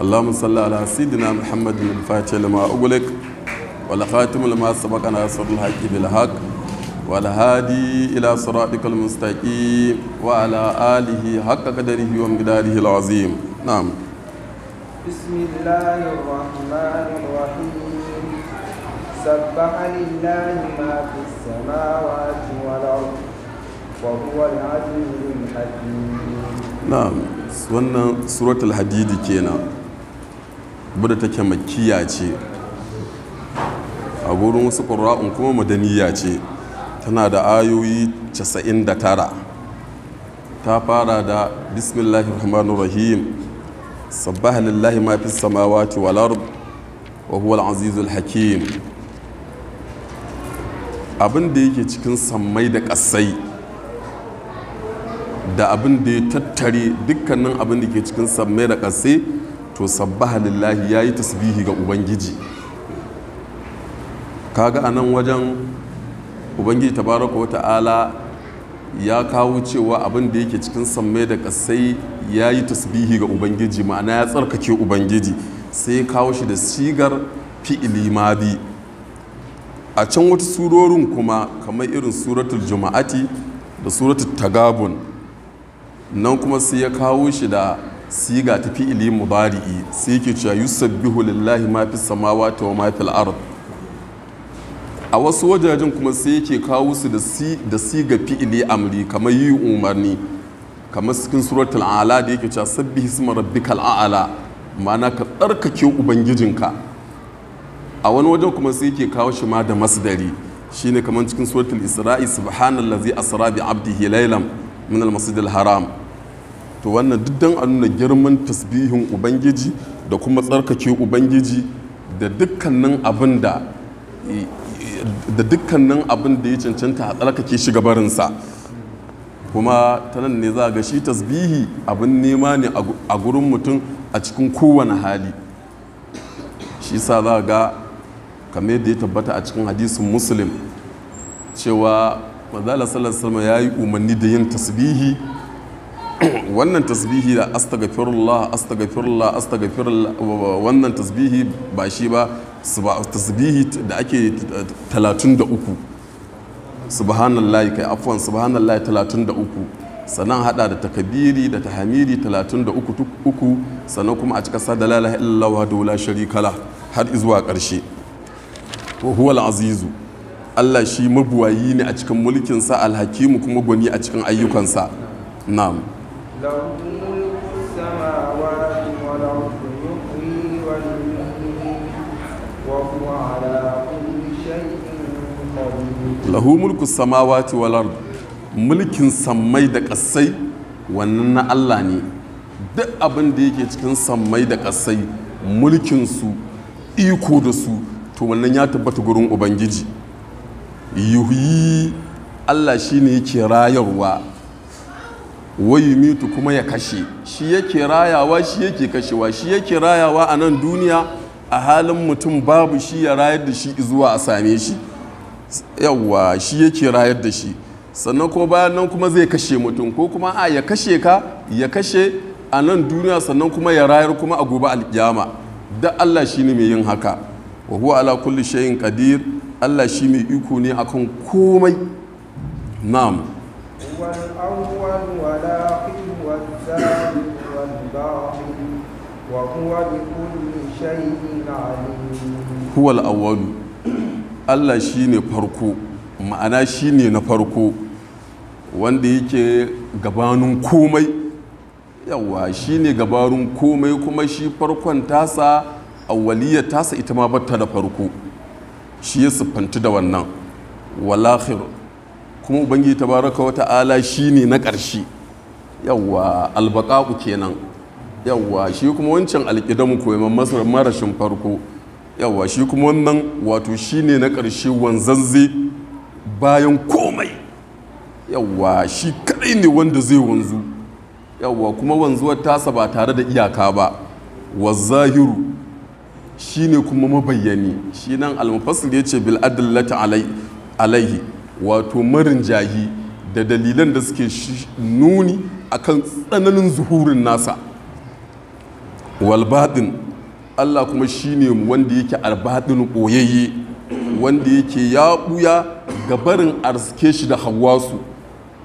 اللهم صل على سيدنا محمد الفاتح لما أغلق والخاتم لما سبق ناصر الحق بالحق والهادي إلى صراطك المستقيم وعلى آله حق قدره ومقداره العظيم نعم بسم الله الرحمن الرحيم سبح لله ما في السماوات والأرض وهو العزيز الحكيم نعم wannan suratul hadidi kenan wadda take makiya ce a gurin wasu ƙura'un kuma madaniya ce tana da ayoyi 99 ta fara da bismillahir rahmanir rahim sabbaha lillahi ma fis samawati wal ard wa huwa al azizul hakim abin da yake cikin sammai da kasai da abin da ya tattare dukkanin abin da ke cikin sammai da kasai. to sabbaha lillahi ya yi tasbihi ga ubangiji kaga a nan wajen ubangiji tabaraka wa ta'ala ya kawo cewa abin da yake cikin sammai da kasai ya yi tasbihi ga ubangiji ma'ana ya tsarkake ubangiji sai ya kawo shi da sigar fi'ili madi a can wata surorin kuma kamar irin suratul juma'ati da suratul tagabun nan kuma sai ya kawo shi da siga ta fi'ili mubari'i sai ke cewa bihu lillahi mafi samawa ta wa mafi al'arab a wasu wajajen kuma sai yake kawo su da siga fi'ili amri kamar yi umarni kamar cikin suratul ala da yake cewa sabbihi isma rabbikal a'la ma'ana ka tsarkake ubangijinka a wani wajen kuma sai yake kawo shi ma da masdari shine kamar cikin suratul isra'i subhanallazi asra bi abdihi laylan min al haram to wannan duk dan a nuna girman tasbihin ubangiji da kuma tsarkake ubangiji da dukkanin abin da da dukkanin abin da ya cancanta a tsarkake shi gabarinsa kuma ta nan ne za ga shi tasbihi abin nema ne a gurin mutum a cikin kowane hali shi sa za ga kamar yadda ya tabbata a cikin hadisin muslim cewa sallar Salma ya yi umarni da yin tasbihi wannan tasbihi da astaghfirullah astaghfirullah astaghfirullah wannan tasbihi ba shi ba tasbihi da ake 33 subhanallah kai afwan subhanallah 33 sannan hada da takabiri da tahamiri 33 uku sannan kuma a cika sada la ilaha illallah wa la sharika har zuwa karshe wa huwa azizu Allah shi mabuwayi ne a cikin mulkinsa alhakimu kuma gwani a cikin ayyukansa na'am lahu mulku samawati wal ard mulkin sammai da ƙasai wannan na Allah ne duk abin da yake cikin sammai da ƙasai su iko da su to wannan ya tabbata gurin ubangiji yuhi Allah shine yake rayarwa wayi mitu kuma ya kashe shi yake rayawa shi yake kashewa shi yake rayawa a nan duniya a halin mutum babu shi ya rayar da shi zuwa a same shi yawwa shi yake rayar da shi sannan ko bayan nan kuma zai kashe mutum ko kuma a ya kashe ka ya kashe a nan duniya sannan kuma ya rayar kuma a gobe alkiyama da Allah shi ne mai yin haka wa huwa ala kulli shay'in qadir Allah shi mai iko ne akan komai na'am والأول والآخر والزاد والباطن وهو بكل شيء عليم هو الأول shi ne farko ma'ana ne na farko wanda yake gabanin komai yawa ne gabanin komai kuma shi farkon tasa awwaliyar tasa ita ma batta da farko shi ya siffanci da wannan walakhir kuma ubangiji tabaraka wa ta'ala shine na ƙarshe yawwa albaqa'u kenan yawwa shi kuma wancan alƙidamu koyaman masar marashin farko yawwa shi kuma wannan wato shine na ƙarshe wanzanze bayan komai yawwa shi kadai ne wanda zai wanzu yawwa kuma wanzuwar tasa ba tare da iyaka ba shi shine kuma mabayyani shi nan almufassir ce bil adillati alaihi wato marin jahi da dalilan da suke nuni akan tsananin zuhurin nasa Walbadin allah kuma shine wanda yake albadin ɓoyayye wanda yake ya ɓuya ga barin arzike shi da hawasu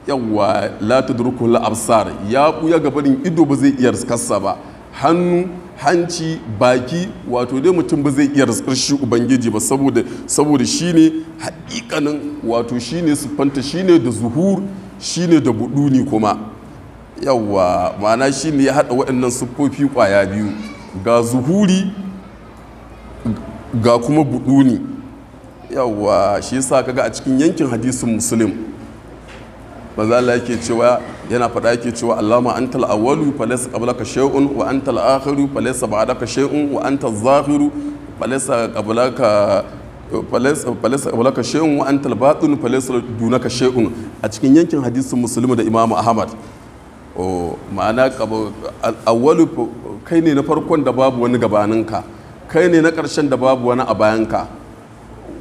yawwa la tudrikul absar ya ɓuya ga barin ido ba zai iya rikarsa ba hannu hanci baki wato dai mutum ba zai iya raskar shi ubangiji ba saboda saboda shine haƙiƙanin wato shine siffanta shine da zuhur shine da buduni kuma yawa ma'ana shine ya haɗa waɗannan siffofi kwaya biyu ga zuhuri ga kuma buduni yawa shi yasa kaga a cikin yankin hadisin muslim la yake cewa yana faɗa yake cewa allama an tal'awalu falaisa qablaka shay'un wa an tal'akhiru falaisa ba'daka shay'un wa an tazahiru falaisa qablaka falaisa qablaka shay'un wa an talbatun falaisa dunaka shay'un a cikin yankin hadisin musulmi da imam ahmad ma'ana awalu kai ne na farkon da babu wani gabaninka kai ne na ƙarshen da babu wani a bayanka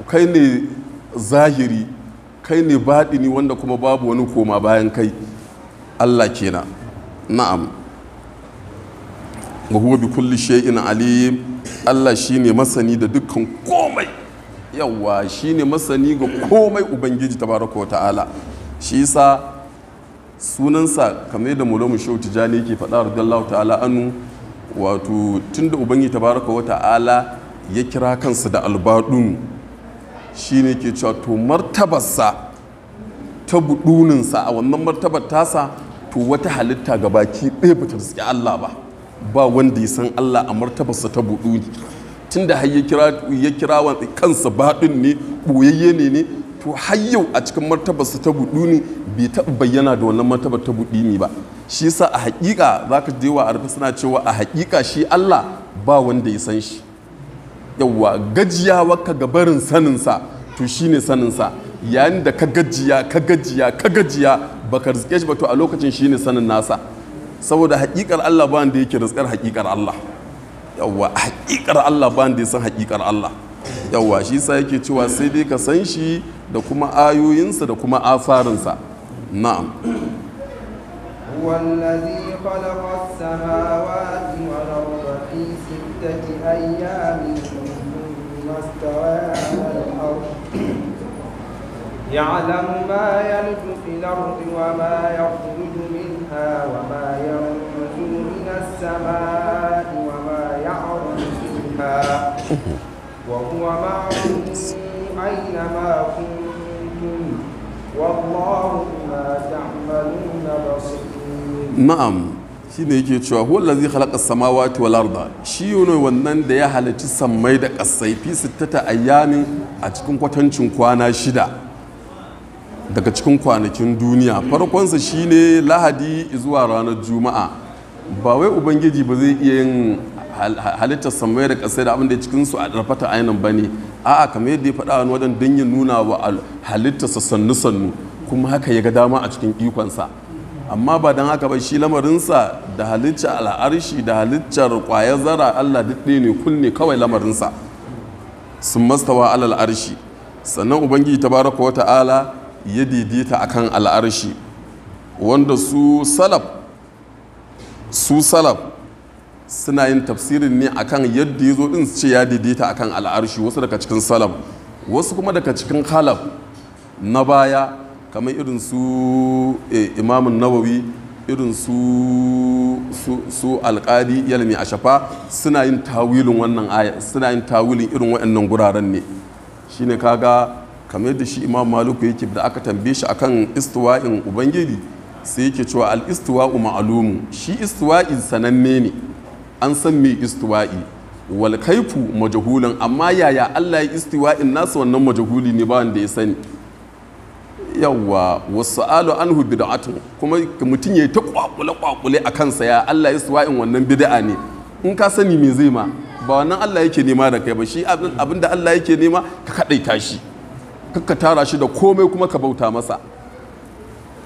kai ne zahiri kai ne baɗini wanda kuma babu wani koma bayan kai Allah kenan na'am wa huwa bi kulli shay'in alim Allah shine masani da dukkan komai yawa shine masani ga komai ubangiji tabaraka wa ta'ala shi yasa sunansa kamar yadda mulamu shehu tijani yake faɗa radiyallahu ta'ala anu wato tunda ubangiji tabaraka wa ta'ala ya kira kansa da albadun shine ke cewa to martabarsa ta buɗuninsa a wannan martabar tasa to wata halitta ga baki ɗaya ba ta riski Allah ba ba wanda ya san Allah a martabarsa ta buɗu ne tunda har ya kira ya kira kansa baɗin ne ɓoyayye ne ne to har yau a cikin martabarsa ta buɗu ne bai taɓa bayyana da wannan martabar ta buɗi ne ba shi yasa a haƙiƙa zaka je wa arfa suna cewa a haƙiƙa shi Allah ba wanda ya san shi yawwa gajiyawa ga barin saninsa to shine saninsa yayin da ka gajiya ka gajiya ka gajiya baka riske shi ba to a lokacin shine sanin nasa saboda hakikar Allah ba da yake rizkar hakikar Allah yawwa hakikar Allah ba da ya san hakikar Allah yawwa shi sa yake cewa sai dai ka san shi da kuma ayoyinsa da kuma asarinsa na'am والذي خلق السماوات والأرض في ستة أيام ثم استوى على الأرض يعلم ما يلج في الأرض وما يخرج منها وما ينزل من السماء وما يعرج فيها وهو معكم أينما كنتم والله بما تعملون بصير نعم shine yake cewa wallazi khalaqa samawati wal arda shi ne wannan da ya halarci sammai da kasai fi sittata ayyamin a cikin kwatancin kwana shida daga cikin kwanakin duniya farkonsa shine lahadi zuwa ranar juma'a ba wai ubangiji ba zai iya yin halittar samuwa da kasai da abin da cikin su a ɗarfata ainihin ba ne a'a kamar yadda ya faɗa wani wajen don ya nuna wa halittarsa sannu sannu kuma haka ya ga dama a cikin ikonsa amma ba don haka ba shi lamarinsa da halittar al'arshi da halittar kwayar zara allah duk ne kunne kawai lamarinsa sun mastawa alal arshi sannan ubangiji tabaraka wa ta'ala ya didita a kan al'arshi wanda su salaf su salaf suna yin tafsirin ne akan yadda ya zo din ce ya didita akan al'arshi wasu daga cikin salaf wasu kuma daga cikin khalaf na baya kamar irin su e, imamun nawawi irin su su alkadi yalmi a shafa suna yin tawilin wannan aya suna yin tawilin irin waɗannan guraren ne shine kaga kamar yadda shi imam maluku yake da aka tambaye shi akan istiwa'in ubangiji sai yake cewa al istiwa'u ma'lumu shi istiwa'i sananne ne an san me istiwa'i wal kaifu majhulun amma yaya Allah ya istiwa'in nasu wannan majhuli ne ba wanda ya sani yawa wasu alu anhu bid'atun kuma mutum yayi ta kwakule kwakule a kansa ya Allah ya istiwa'in wannan bid'a ne in ka sani me zai ma ba wannan Allah yake nema da kai ba shi abinda Allah yake nema ka kadaita shi kakka tara shi da komai kuma ka bauta masa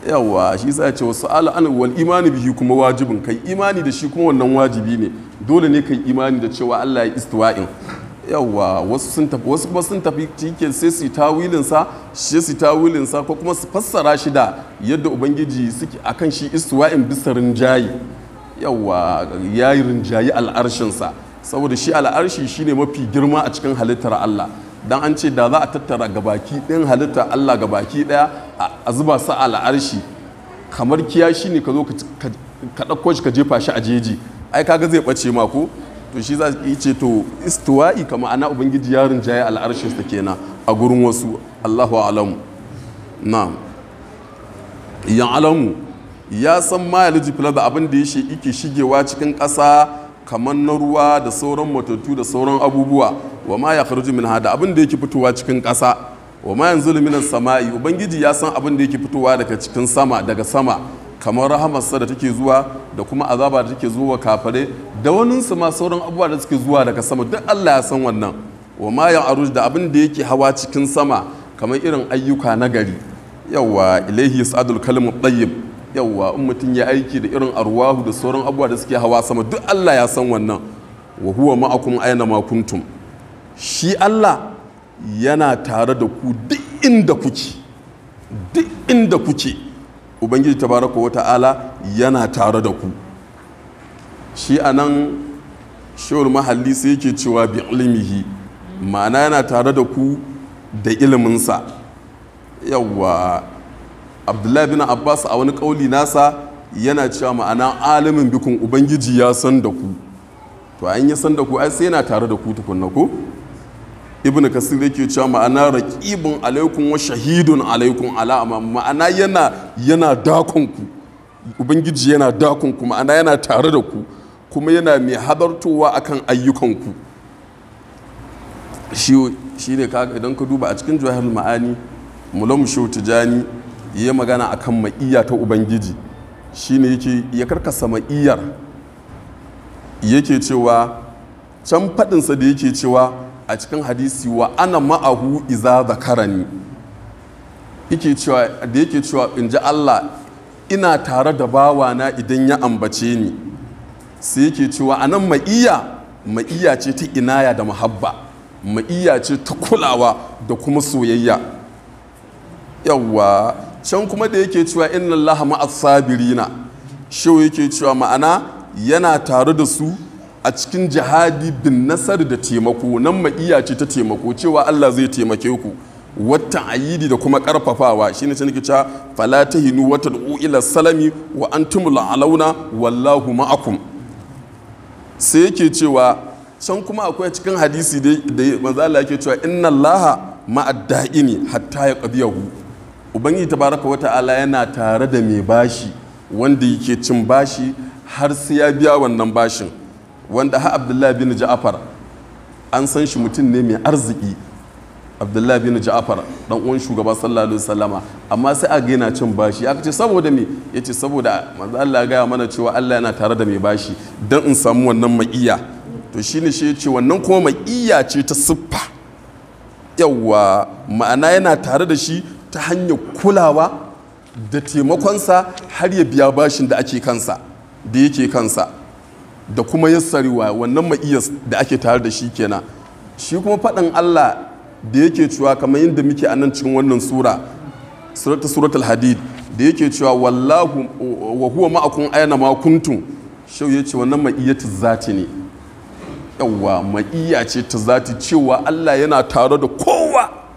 yawa shi sai ce wasu ala'an wal imani bihi kuma wajibin kai imani da shi kuma wannan wajibi ne dole ne kai imani da cewa Allah ya istiwa'in yawa wasu sun tafi wasu kuma sun tafi cike sai su tawilin sa shi su tawilin sa ko kuma su fassara shi da yadda ubangiji suke akan shi istiwa'in bisa rinjayi yawa yayi rinjayi al'arshin sa saboda shi al'arshi shine mafi girma a cikin halittar Allah dan an ce da za a tattara gabaki ɗin halitta Allah baki ɗaya a zuba sa al'arshi kamar kiyashi ne ka zo ka ɗauko shi ka jefa shi a jeji ai kaga zai ɓace ma ko to shi za yi ce to istiwa'i ka ma'ana ubangiji yarin jaye al'arshin sa kenan a gurin wasu Allahu alamu na'am ya alamu ya san ma ya da abin da ya yake shigewa cikin ƙasa kamar na ruwa da sauran matattu da sauran abubuwa wa ma ya kharju min hada abin da yake fitowa cikin ƙasa wa ma yanzu minas sama'i ubangiji ya san abin da yake fitowa daga cikin sama daga sama kamar rahamarsa da take zuwa da kuma azaba da take zuwa kafare da waninsu ma sauran abubuwa da suke zuwa daga sama duk Allah ya san wannan wa ma ya aruj da abin da yake hawa cikin sama kamar irin ayyuka na gari yawa ilaihi sa'adul kalimut tayyib yawwa in mutum ya aiki da irin arwahu da sauran abuwa da suke hawa sama duk Allah ya san wannan wa huwa ma'akum aina ma kuntum shi Allah yana tare da ku duk inda kuke duk inda kuke ubangiji tabaraka wa ta'ala yana tare da ku shi anan shawar mahalli sai yake cewa bi ilmihi ma'ana yana tare da ku da iliminsa yawwa abdullahi bin abbas a wani kauli nasa yana cewa ma'ana alimin bikin ubangiji ya san da ku to an yi san da ku ai sai yana tare da ku tukunna ko ibn kasir yake cewa ma'ana raqibun alaikum wa shahidun alaikum ala ma'ana yana yana dakon ku ubangiji yana dakon ku ma'ana yana tare da ku kuma yana mai hadartowa akan ayyukan ku shi ne kaga idan ka duba a cikin jahar ma'ani mulamu shehu tijani yi magana a kan ma'iyya ta ubangiji shine yake ya karkasa ma'iyyar yake cewa can faɗinsa da yake cewa a cikin hadisi wa ana ma'ahu iza zakarani yake da yake cewa in ji Allah ina tare da bawana idan ya ambace ni sai yake cewa a nan ma'iyya ma'iyya ce ta inaya da muhabba ma'iyya ce ta kulawa da kuma soyayya yawwa can kuma da yake cewa inna ma'asabirina, ma'as yake cewa ma'ana yana tare da su a cikin jihadi bin nasar da taimako nan ma'iya ce ta taimako cewa Allah zai taimake ku wata ayidi da kuma karfafawa shine ca nake cewa fala wata da ila salami wa antum alauna wallahu ma'akum sai yake cewa can kuma akwai cikin hadisi da manzo Allah yake cewa inna Allaha ma'ad hatta yaqdiyahu ubangiji tabaraka wata'ala yana tare da mai bashi wanda yake cin bashi har sai ya biya wannan bashin wanda ha abdullahi bin ja'afar an san shi mutum ne mai arziki abdullahi bin ja'afar dan uwan shugaba sallallahu alaihi wasallama amma sai a ga yana cin bashi aka ce saboda me yace saboda manzo Allah ya gaya mana cewa Allah yana tare da mai bashi dan in samu wannan ma'iya to shine shi yace wannan kuma ma'iya ce ta siffa yawa ma'ana yana tare da shi ta hanyar kulawa da taimakonsa har ya biya bashin da ake kansa da yake kansa da kuma ya sarewa wannan ma'iyas da ake tare da shi kenan shi kuma faɗin Allah da yake cewa kamar yadda muke a nan cikin wannan sura suratul al hadid da yake cewa wallahu wa huwa ma'akum aina ma kuntum shau yace wannan ma'iyatu zati ne yawa ma'iya ce ta zati cewa Allah yana tare da kowa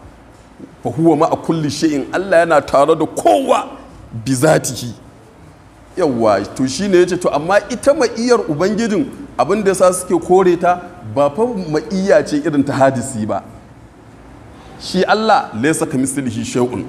fahuwa ma a kulli shay'in Allah yana tare da kowa bi zatihi yawa to ya yace to amma ita ma'iyar ubangijin abin da sa suke kore ta ba fa ma'iya ce irin ta hadisi ba shi Allah laysa kamislihi shay'un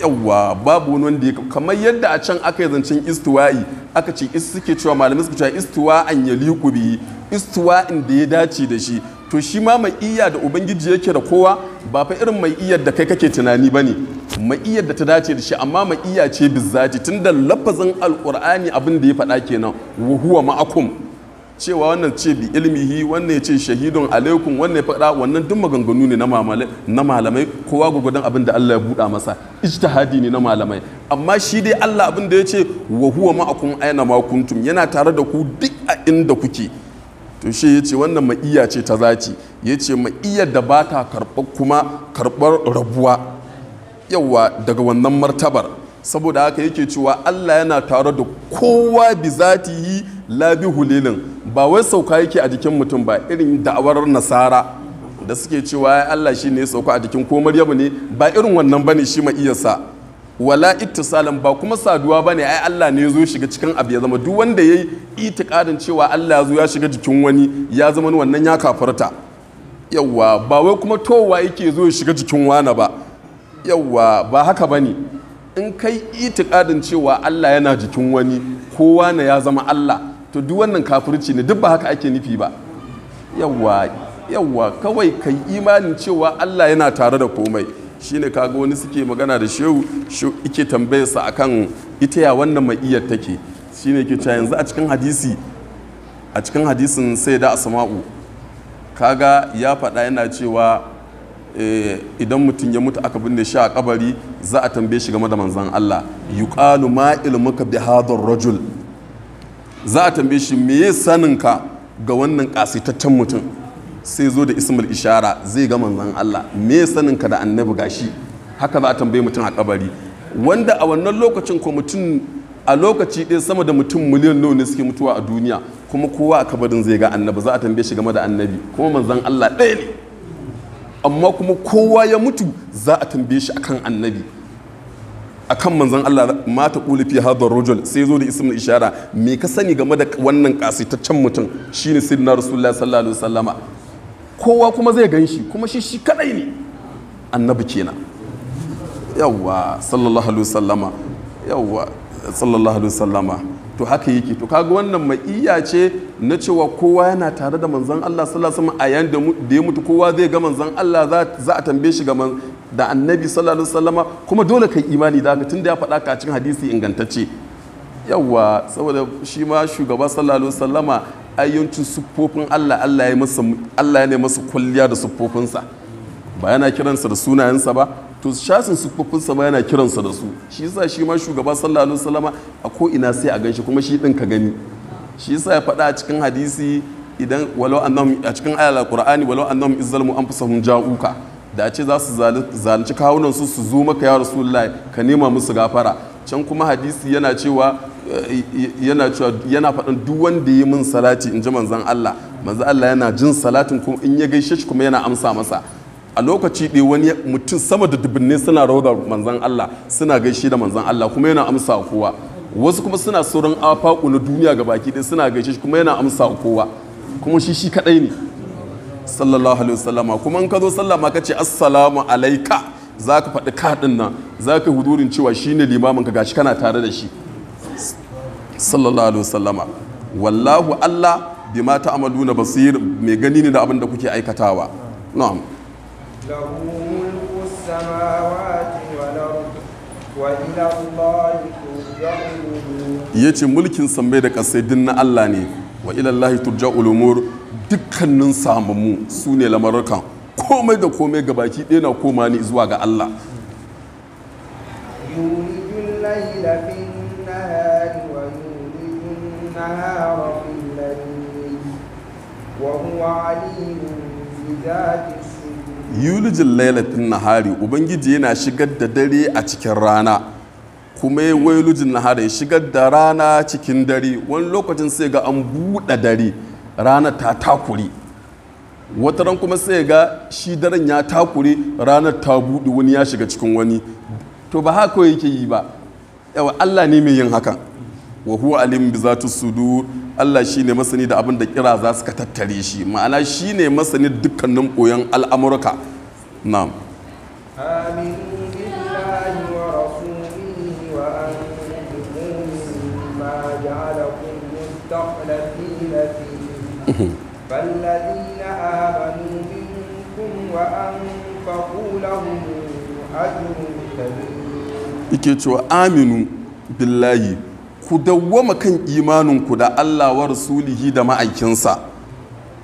yawa babu wani wanda ya kamar yadda a can aka yi zancen istiwa'i aka ce suke cewa malamai suke cewa istiwa an yaliku bi istiwa in da ya dace da shi to shi ma mai iya da ubangiji yake da kowa ba fa irin mai iyar da kai kake tunani bane mai iyar da ta dace da shi amma mai iya ce bizzati tunda lafazin alqur'ani abin da ya faɗa kenan wa huwa ma'akum cewa wannan ce bi ilmihi wannan ce shahidun alaikum wannan ya faɗa wannan duk maganganu ne na malamai kowa gwagwadon abin da Allah ya buɗa masa ijtihadi ne na malamai amma shi dai Allah abin da ya ce wa huwa ma'akum aina ma kuntum yana tare da ku duk a inda kuke to shi ya ce wannan ma'iya ce ta zaci ya ce ma'iya da ba ta karɓar kuma karɓar rabuwa yawa daga wannan martabar saboda haka yake cewa Allah yana tare da kowa bi zatihi yi hulilin ba wai sauka yake a jikin mutum ba irin da'awar nasara da suke cewa Allah shi ya sauka a jikin ko Maryamu ne ba irin wannan bane shi ma'iyarsa wala ittisalin ba kuma saduwa ba ne ai Allah ne ya zo shiga cikin abu ya zama duk wanda yi itikadin cewa Allah ya zo ya shiga jikin wani ya zama wannan ya kafarta yawa ba wai kuma towa yake zo ya shiga jikin wani ba yawa ba haka ne in kai itikadin cewa Allah yana jikin wani kowa na ya zama Allah to duk wannan kafirci ne duk ba haka ake nufi ba yawa yawa kawai kai imanin cewa Allah yana tare da komai shine kaga wani suke magana da shehu shi ike tambayarsa akan ita ya wannan ma'iyar take shine ke cewa yanzu a cikin hadisi a cikin hadisin sai da asma'u kaga ya faɗa yana cewa eh, idan mutum ya mutu aka binne shi a kabari za a tambaye shi game da manzan Allah yuqalu ma ilmuka bi hadar rajul za a tambaye shi me ka ga wannan kasitaccen mutum sai zo da ismul ishara zai ga manzon Allah me saninka da annabi gashi haka za a tambaye mutum a kabari wanda a wannan lokacin ko mutum a lokaci ɗaya sama da mutum miliyan nawa ne suke mutuwa a duniya kuma kowa a kabarin zai ga annabi za a tambaye shi game da annabi kuma manzon Allah ɗaya ne amma kuma kowa ya mutu za a tambaye shi akan annabi akan manzon Allah mata kuli fi hadar rajul sai zo da ismul ishara me ka sani game da wannan kasitaccen mutum shine na rasulullahi sallallahu alaihi wasallama kowa kuma zai gan shi kuma shi shi kadai ne annabi kenan yawwa sallallahu alaihi wasallama yawwa sallallahu alaihi wasallama to haka yake to kaga wannan mai ce na cewa kowa yana tare da manzon Allah sallallahu alaihi wasallam a yayin da ya mutu kowa zai ga manzon Allah za a tambaye shi ga da annabi sallallahu alaihi wasallama kuma dole kai imani da tun da ya faɗa ka cikin hadisi ingantacce Yawwa saboda shi ma shugaba sallallahu alaihi wasallama ayyancin siffofin Allah Allah ya masa Allah ya ne masa kwalliya da siffofinsa ba yana kiransa da sunayensa ba to shasin siffofinsa ba yana kiransa da su shi yasa shi ma shugaba sallallahu alaihi wasallama a ko ina sai a ganshi kuma shi din ka gani shi yasa ya faɗa a cikin hadisi idan walau annahum a cikin ayatul qur'ani walau annahum izzalmu anfusahum ja'uka da a ce za su zalunci kawunan su su zo maka ya rasulullahi ka nema musu gafara can kuma hadisi yana cewa yana cewa yana faɗin duk wanda yi min salati in ji manzan Allah Manzan Allah yana jin salatin kuma in ya gaishe shi kuma yana amsa masa a lokaci ɗaya wani mutum sama da dubinne suna rawa manzan Allah suna gaishe da manzan Allah kuma yana amsa kowa wasu kuma suna sauran afaku na duniya ga baki ɗaya suna gaishe shi kuma yana amsa kowa kuma shi shi kaɗai ne sallallahu alaihi wasallama kuma in ka zo sallah ma ka ce assalamu alaika za ka faɗi kaɗin nan za ka hudurin cewa shine limamin ka gashi kana tare da shi sallallahu alaihi wasallama wallahu Allah bima ta'maluna basir mai gani ne da abin da kuke aikatawa na'am lahu mulku samawati wal wa ila Allahi yace mulkin sammai da kasai din na Allah ne wa ila Allahi turja'ul umur dukkanin samamu su ne komai da komai gabaki ɗaya na koma ne zuwa ga Allah yuri النهار في الليل وهو عليم بذات yulijin lailatin nahari ubangiji yana shigar da dare a cikin rana kuma ya wailujin nahari ya shigar da rana cikin dare wani lokacin sai ga an buɗe dare rana ta takuri wata ran kuma sai ga shi daren ya takure rana ta buɗe wani ya shiga cikin wani to ba haka yake yi ba yawa allah ne mai yin hakan wa huwa alim bi zatu sudur Allah shine masani da abin da kira za su ka tattare shi ma'ana shine masani dukkanin boyan al'amurka na'am amin billahi wa rasulihi wa antum ma ja'alakum mustaqlifina wa cewa aminu billahi ku dawwama kan imaninku da Allah wa rasulihi da ma'aikinsa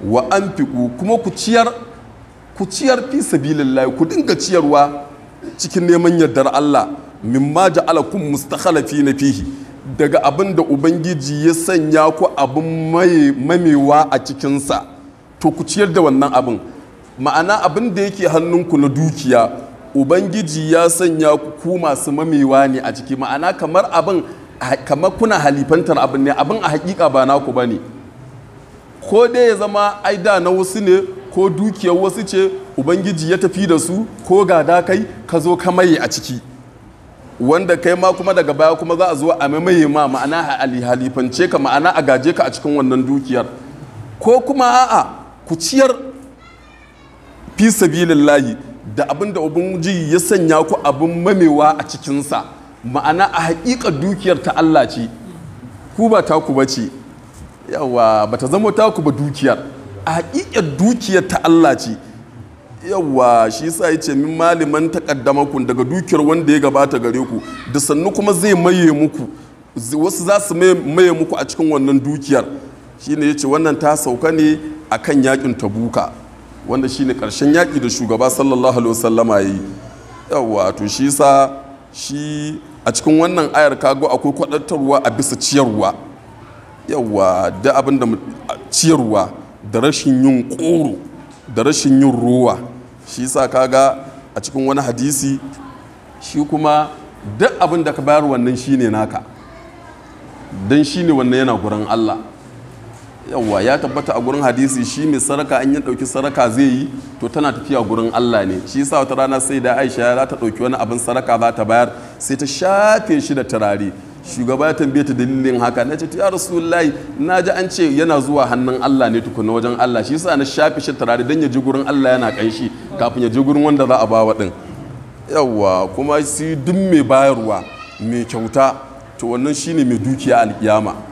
wa anfiqu kuma ku ciyar ku ciyar fi sabilillahi ku dinga ciyarwa cikin neman yardar Allah mimma ja'alakum na fihi daga abin da ubangiji ya sanya ku abin mamewa a cikinsa to ku ciyar da wannan abin ma'ana abin da yake hannunku na dukiya ubangiji ya sanya ku masu mamewa ne a ciki ma'ana kamar abin kamar kuna halifantar abin ne abin a hakika ba naku ba ne ko dai ya zama ai da na wasu ne ko dukiyar wasu ce ubangiji ya tafi da su ko gada kai ka zo ka maye a ciki wanda kai ma kuma daga baya kuma za a zo a maimaye ma ma'ana halifance ka ma'ana a gaje ka a cikin wannan dukiyar ko kuma a'a ku ciyar fi sabilillahi da abin da ubangiji ya sanya ku abin mamewa a cikinsa ma'ana a haƙiƙa dukiyar ta Allah ce ku ba ku ba ce yawa ba ta zama ku ba dukiyar a haƙiƙar dukiyar ta Allah ce yawa shi sa ya ce min maliman taƙaddama ku daga dukiyar wanda ya gabata gare ku da sannu kuma zai maye muku wasu za su maye muku a cikin wannan dukiyar shi ne ya ce wannan ta sauka ne a kan yaƙin tabuka wanda shi ne ƙarshen yaƙi da shugaba sallallahu alaihi wasallama ya yi yawa to shi sa shi a cikin wannan ayar kago akwai kwadatarwa a bisa ciyarwa yawa da abin da ciyarwa da rashin yin ƙoro da rashin yin ruwa shi sa kaga a cikin wani hadisi shi kuma duk abin da ka bayar wannan shine naka don shine wannan yana gurin Allah yawwa ya tabbata a gurin hadisi shi mai saraka an yi ɗauki saraka zai yi to tana tafiya gurin Allah ne shi sa wata rana sai da Aisha ya ta ɗauki wani abin saraka za ta bayar sai ta shafe shi da turare shugaba ya tambaye ta dalilin haka na ce ya rasulullahi na ji an ce yana zuwa hannun Allah ne tukuna wajen Allah shi sa na shafe shi turare dan ya ji gurin Allah yana shi kafin ya ji gurin wanda za a ba wa din yawwa kuma shi duk mai bayarwa mai kyauta to wannan shine mai dukiya alkiyama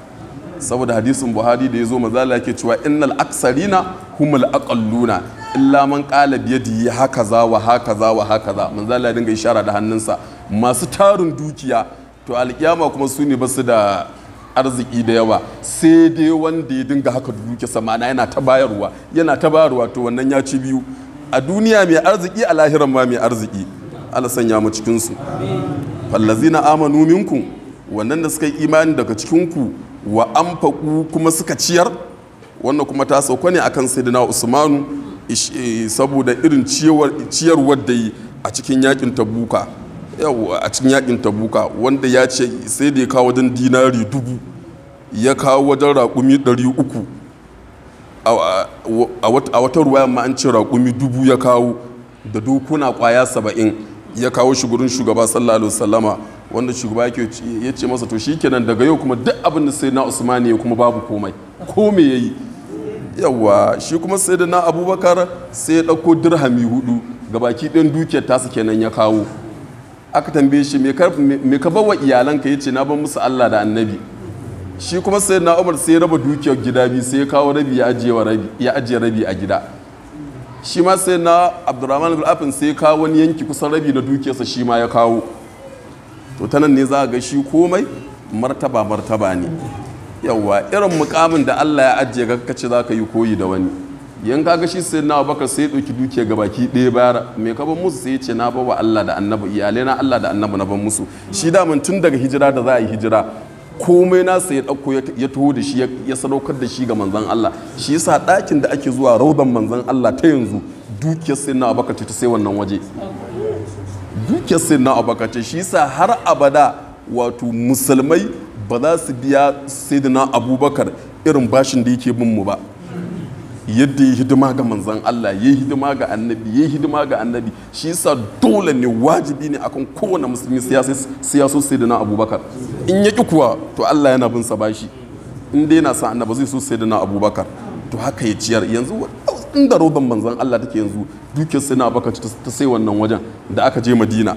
saboda hadisin buhari da ya zo mazala yake cewa innal aksarina humul aqalluna illa man qala haka hakaza wa hakaza wa hakaza manzala ya dinga ishara da hannunsa masu tarin dukiya to alkiyama kuma su ne basu da arziki da yawa sai dai wanda ya dinga haka sama na yana ta bayarwa yana ta bayarwa to wannan ya ci biyu a duniya mai arziki a lahiran ma mai arziki Allah sanya mu cikin su fallazina amanu minkum wannan da suka yi imani daga cikinku. wa anfaqu kuma suka ciyar wannan kuma ta sauka ne akan sayyidina usmanu e, saboda irin ciyarwar da yi a cikin yakin tabuka a cikin yakin tabuka wanda ya ce sai da ya kawo wajen dinari dubu ya kawo wajen raƙumi ɗari uku a wata ruwa ma an ce raƙumi dubu ya kawo da dukuna ƙwaya saba'in ya kawo shi gurin shugaba sallallahu alaihi wasallama wanda shugaba ya ce masa to shikenan daga yau kuma duk abin da sai na usman ya kuma babu komai ko me yayi yawa shi kuma sai da na abubakar sai ya ɗauko dirhami hudu ga baki ɗin dukiyar tasu kenan ya kawo aka tambaye shi me ka bawa iyalanka ya ce na ban musu allah da annabi shi kuma sai na umar sai ya raba dukiyar gida biyu sai ya kawo rabi ya ajiye rabi a gida shi ma sai na abdurrahman bin sai ya kawo wani yanki kusan rabi na dukiyarsa shi ma ya kawo to ta nan ne za ga shi komai martaba martaba ne yawwa irin mukamin da Allah ya ajiye ga kace za ka yi koyi da wani yan kaga shi sai na baka sai doki dukiya ga baki ɗaya bayar mai kaban musu sai ce na bawa Allah da annabi iyalai na Allah da annabi na ban musu shi daman tun daga hijira da za a yi hijira komai sai ya ɗauko ya taho da shi ya sadaukar da shi ga manzon Allah shi yasa dakin da ake zuwa raudan manzon Allah ta yanzu dukiyar sai na bakar ta sai wannan waje duke sai na abubakar ce shi sa har abada wato musulmai ba za su biya sayyidina abubakar irin bashin da yake bin mu ba yadda ya hidima ga manzan Allah ya hidima ga annabi ya hidima ga annabi shi sa dole ne wajibi ne akan kowane musulmi siyaso sayyidina abubakar in ya ki kuwa to Allah yana bin sa bashi in dai yana sa annabi zai so sayyidina abubakar to haka ya ciyar yanzu inda roban manzan Allah take yanzu dukiyar na baka ta sai wannan wajen da aka je madina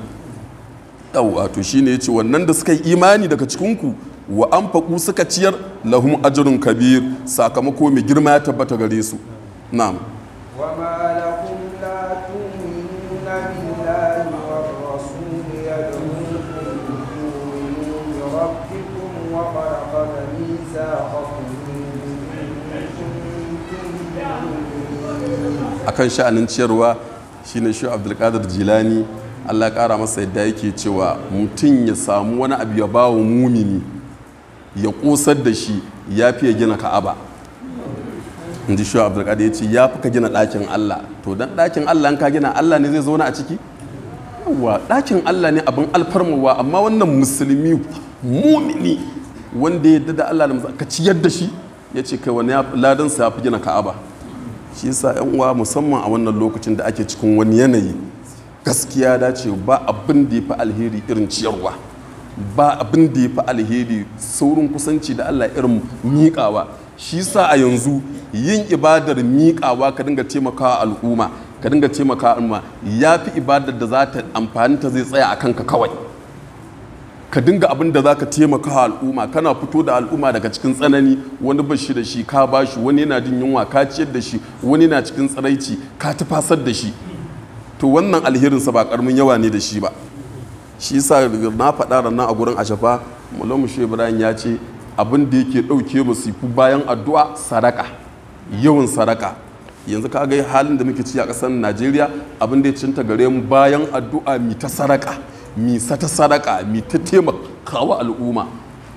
yawwa to shine yace wannan da suka yi imani daga cikinku wa an faƙu suka ciyar lahum ajrun kabir sakamako mai girma ya tabbata gare su na'am akan sha'anin ciyarwa shine shi abdulkadir jilani allah kara masa yadda yake cewa mutum ya samu wani abu ya bawa mumini ya kosar da shi ya fiye gina ka'aba in shi abdulkadir ya ce ya fi ka gina ɗakin allah to dan ɗakin allah an ka gina allah ne zai zauna a ciki yawa ɗakin allah ne abin alfarmawa amma wannan musulmi mumini wanda ya da allah ka ciyar da shi ya ce kai wani ladansa ya fi gina ka'aba shi yasa yan uwa musamman a wannan lokacin da ake cikin wani yanayi gaskiya dace ba abin da ya fi alheri irin ciyarwa ba abin da ya fi alheri saurin kusanci da Allah irin miƙawa shi sa a yanzu yin ibadar miƙawa ka dinga taimakawa al'umma ka dinga taimakawa al'umma ya fi ibadar da za ta amfani ta zai tsaya a kanka kawai ka dinga abin da zaka taimaka al'umma kana fito da al'umma daga cikin tsanani wani bashi da shi ka shi wani yana jin yunwa ka ciyar da shi wani na cikin tsaraici ka tafasar da shi to wannan alherinsa ba karamin yawa ne da shi ba shi yasa na faɗa ranar a gurin ashafa mulamu shi ibrahim ya ce abin da yake ɗauke masifu bayan addu'a saraka yawan saraka yanzu ka ga halin da muke ci a ƙasar najeriya abin da ya cinta gare mu bayan addu'a mi ta saraka mi sata sadaka mi ta taimakawa al'umma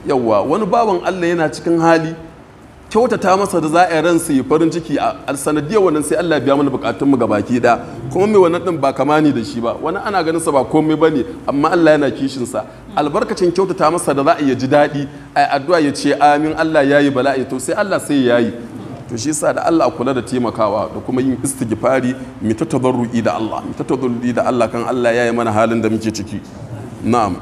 yawa wani bawan Allah yana cikin hali kyautata masa da za a ransa ya farin ciki a sanadiyar wannan sai Allah biya mana bukatun mu gabaki da kuma mai wannan din ba kamani da shi ba wani ana ganin sa ba komai ba ne amma Allah yana kishin sa albarkacin kyautata masa da za a ji daɗi ai addu'a ya ce amin Allah yayi bala'i to sai Allah sai yayi to shi yasa da Allah kula da taimakawa da kuma yin istighfari mu ta tadarrui da Allah mu ta tadarrui da Allah kan Allah yayi mana halin da muke ciki na'am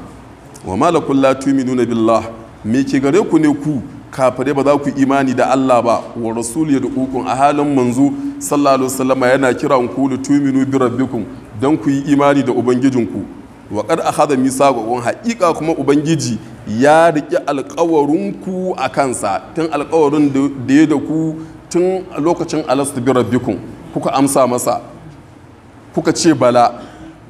wa malakul la tu'minuna billah me ke gare ku ne ku kafare ba za ku imani da Allah ba wa rasul ya dukun a halin manzo sallallahu alaihi wasallam yana kiran ku li tu'minu bi rabbikum dan ku yi imani da ubangijinku wa qad akhadha misaqakum haqiqa kuma ubangiji ya riki alƙawarinku a kansa tun alƙawarin da ya da ku tun lokacin alastu bi rabbikum kuka amsa masa kuka ce bala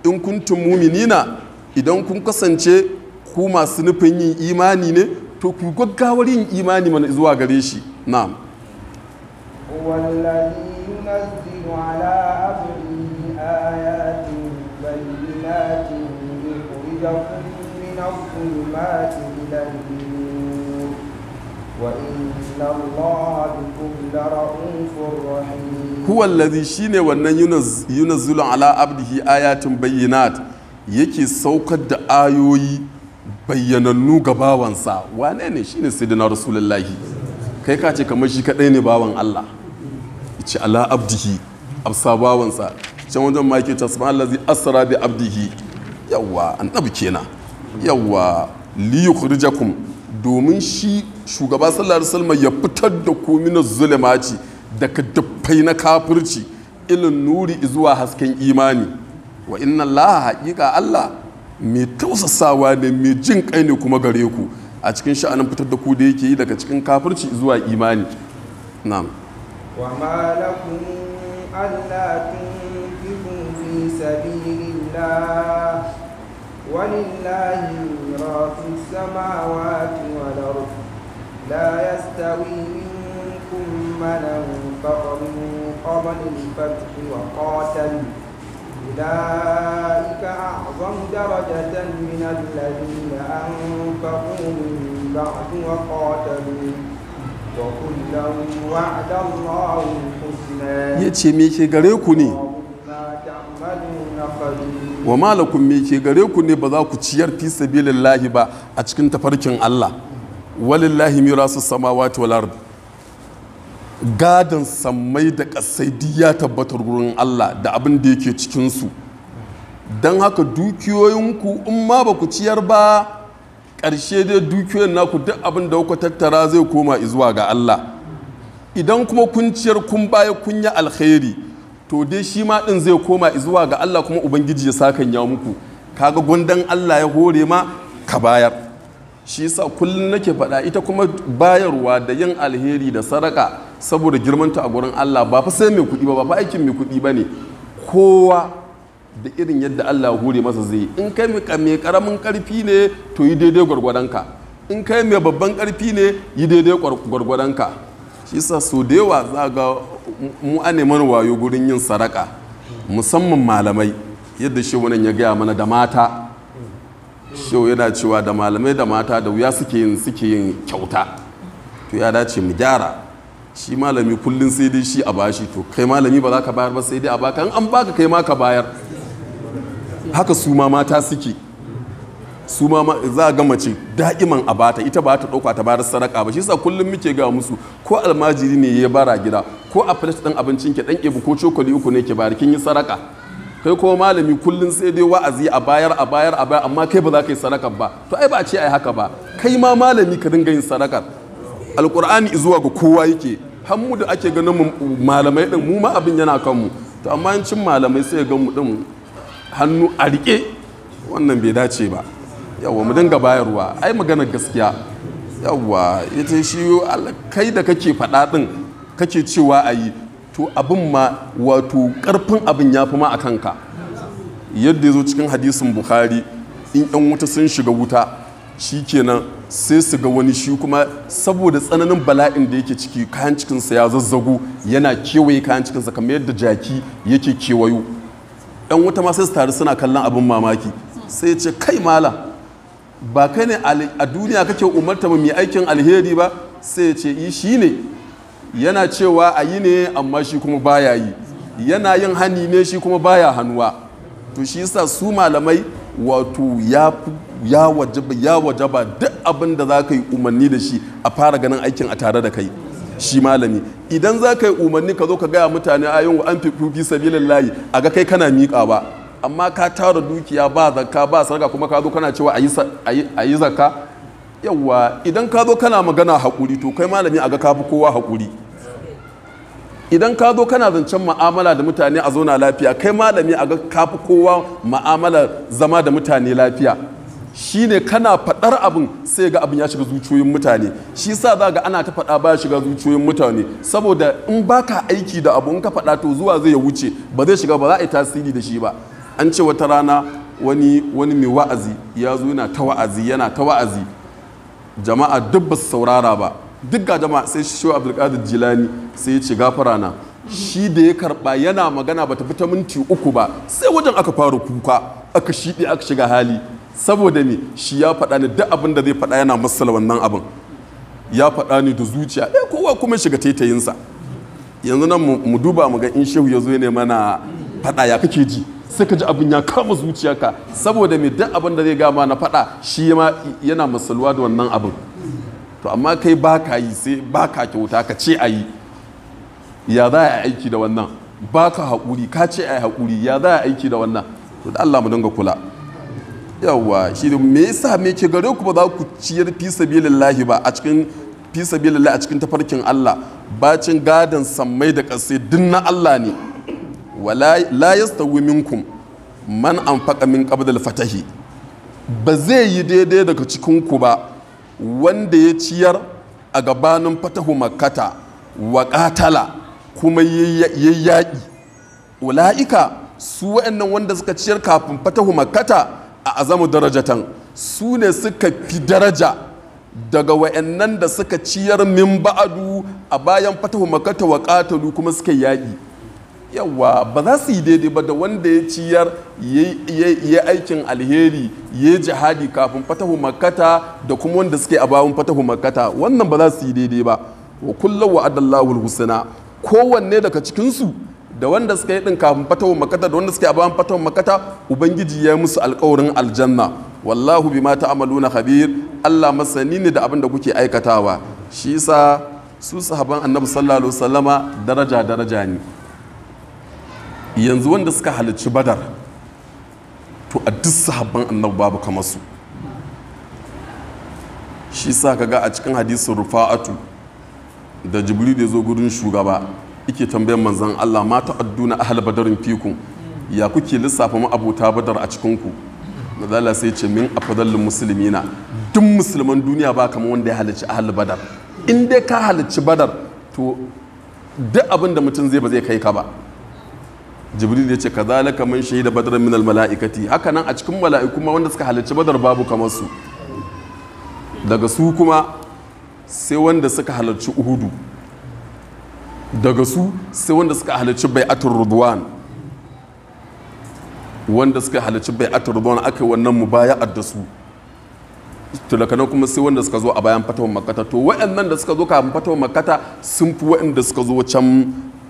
in kuntum muminina idan kun kasance ku masu nufin yin imani ne to ku gaggawar yin imani mana zuwa gare shi na'am wallahi huwa shi ne wannan yunazzilu ala abdihi ayatin bayyinat yake saukar da ayoyi bayyanannu ga bawansa wane ne shine sayyidina rasulullahi kai ka ce kamar shi kaɗai ne bawan Allah ce ala abdihi absa bawansa can wajen ma yake bi abdihi yawwa annabi kenan yawwa domin shi shugaba sallallahu alaihi ya fitar da na min zulumati daga dafai na kafirci ilin nuri zuwa hasken imani wa inna laha haƙiƙa Allah mai tausasawa ne mai jin kai ne kuma gare ku a cikin sha'anin fitar da ku da yake yi daga cikin kafirci zuwa imani na'am wa ma lakum fi sabilillah ولله ميراث السماوات والأرض لا يستوي منكم من انفق من قبل الفتح وقاتل أولئك أعظم درجة من الذين أنفقوا من بعد وقاتلوا وكلا وعد الله الحسنى يتشمي gare ku ne wa malakun me ke gare ku ne ba za ku ciyar fi sabilillahi ba a cikin tafarkin Allah walillahi mirasu sama wal ard gadan sammai da kasai ya tabbatar wurin Allah da abin da yake cikin su don haka dukiyoyinku in ma ba ku ciyar ba ƙarshe dai dukiyoyin naku duk abin da kuka tattara zai koma zuwa ga Allah idan kuma kun ciyar kun baya kun yi alkhairi to dai shi ma din zai koma zuwa ga Allah kuma ubangiji ya kan ya muku kaga gundan Allah ya hore ma ka bayar shi yasa kullum nake faɗa ita kuma bayarwa da yin alheri da sadaka saboda girmanta a gurin Allah ba fa sai mai kuɗi ba ba fa aikin mai kuɗi ba ne kowa da irin yadda Allah ya hore masa zai in kai mai karamin karfi ne to yi daidai gwargwadonka in kai mai babban karfi ne yi daidai gwargwadonka shi sa so da yawa za ga mu a neman wayo gurin yin sadaka musamman malamai yadda shi wani ya gaya mana da mata shi yana cewa da malamai da mata da wuya suke yin suke yin kyauta to ya dace mu gyara shi malami kullum sai dai shi a bashi to kai malami ba za ka bayar ba sai dai a baka an baka kai ma ka bayar haka su ma mata suke su ma za ga mace da'iman a bata ita ba ta ɗauka ta bayar sadaka ba shi yasa kullum muke ga musu ko almajiri ne ya bara gida ko a plate ɗan abincin ke ɗan ebu ko cokali uku ne ke bayar kin yi sadaka kai kuma malami kullum sai dai wa'azi a bayar a bayar a bayar amma kai ba za ka yi sadaka ba to ai ba a ce ai haka ba kai ma malami ka dinga yin sadaka alqur'ani zuwa ga kowa yake hannu da ake ganin malamai din mu ma abin yana kanmu to amma yancin malamai sai ga mu din hannu a riƙe wannan bai dace ba yawa mu dinga bayarwa ai magana gaskiya yawa yace shi kai da kake faɗa ɗin kake cewa a yi to abin ma wato ƙarfin abin ya fi ma a kanka yadda ya zo cikin hadisin bukhari in yan wuta sun shiga wuta shi kenan sai su ga wani shi kuma saboda tsananin bala'in da yake ciki kayan cikinsa ya zazzago yana kewaye kayan cikinsa kamar yadda jaki yake kewayo yan wuta ma sai su taru suna kallon abin mamaki sai ya ce kai malam ba ka ne a duniya kake umarta mai aikin alheri ba sai ce yi shi ne yana cewa a yi ne amma shi kuma baya yi yana yin hani ne shi kuma baya hannuwa to shi yasa su malamai wato ya wajaba ya wajaba duk abin da za ka yi umarni da shi a fara ganin aikin a tare da kai shi malami idan za ka yi umarni ka zo ka gaya mutane wa an fi fi a ga kai kana miƙa ba amma ka tara dukiya ba zakka ba sarka kuma ka zo kana cewa a yi zakka yawwa idan ka zo kana magana haƙuri to kai malami a ga ka kowa haƙuri idan ka zo kana zancen ma'amala da mutane a zauna lafiya kai malami a ga ka kowa ma'amala zama da mutane lafiya shine kana faɗar abin sai ga abin ya shiga zuciyoyin mutane shi sa za ga ana ta faɗa ba shiga zuciyoyin mutane saboda in baka aiki da abu in ka faɗa to zuwa zai wuce ba zai shiga ba za a yi tasiri da shi ba an ce wata rana wani wani mai wa'azi ya zo yana ta wa'azi yana ta wa'azi jama'a duk ba su saurara ba duk ga jama'a sai shi abdulkadir jilani sai ya ce gafara na shi da ya karba yana magana ba ta fita minti uku ba sai wajen aka fara kuka aka shiɗe aka shiga hali saboda ne shi ya faɗa ni duk abin da zai faɗa yana matsala wannan abin ya faɗa ni da zuciya ɗaya kowa kuma shiga taitayinsa yanzu nan mu duba mu ga in shehu ya zo ne mana faɗa ya kake ji sai ka ji abin ya kama zuciyarka saboda mai duk abin da zai gama na faɗa shi ma yana masaluwa da wannan abin to amma kai ba ka yi sai ba ka kyauta ka ce a yi ya za a aiki da wannan ba ka haƙuri ka ce a yi haƙuri ya za a aiki da wannan to da Allah mu dinga kula yawwa shi ne me yasa me ke gare ku ba za ku ciyar fi sabilillahi ba a cikin fi sabilillahi a cikin tafarkin Allah bacin gadan sammai da ƙasai duk na Allah ne wala la yastawi minkum man anfaqa min qabla fatahi ba zai yi daidai daga cikin ku ba wanda ya ciyar a gabanin fatahu makkata wa qatala kuma yayi yaƙi ula'ika su wa'annan wanda suka ciyar kafin fatahu makkata a azamu darajatan su ne suka fi daraja daga wa'annan da suka ciyar min ba'adu a bayan fatahu makkata wa qatalu kuma suka yaƙi yawa ba za su yi daidai ba da wanda ya ciyar ya aikin alheri ya jihadi kafin fatahu makata da kuma wanda suke a bawon fatahu makata wannan ba za su yi daidai ba wa kullum wa adallahu husna kowanne daga cikinsu da wanda suka yi din kafin fatahu makata da wanda suke a bawon fatahu makata ubangiji ya musu alkawarin aljanna wallahu bima ta'maluna khabir Allah masani ne da abin da kuke aikatawa shi yasa su sahaban annabi sallallahu alaihi wasallama daraja daraja ne yanzu wanda suka halarci badar to a duk sahabban annabu babu kamar su shi sa ga a cikin hadisin rufa'atu da jibril ya zo gurin shugaba ike tambayar manzan Allah mata adduna ahal badarin fikun ya kuke lissafa ma'abuta badar a cikinku mazala sai ce min afdalul musulmina duk musulman duniya ba kamar wanda ya halarci ahal badar in dai ka halici badar to duk abin da mutum zai ba zai kai ka ba jibril ya ce ka kazalika man shahida badar minal mala'ikati haka nan a cikin mala'iku ma wanda suka halarci badar babu kamar su daga su kuma sai wanda suka halarci uhudu daga su sai wanda suka halarci bai'atul rudwan wanda suka halarci bai'atul rudwan aka yi wannan mubaya'ar da su tulakanan kuma sai wanda suka zo a bayan fatawar makata to waɗannan da suka zo kafin fatawar makata sun fi waɗanda suka zo can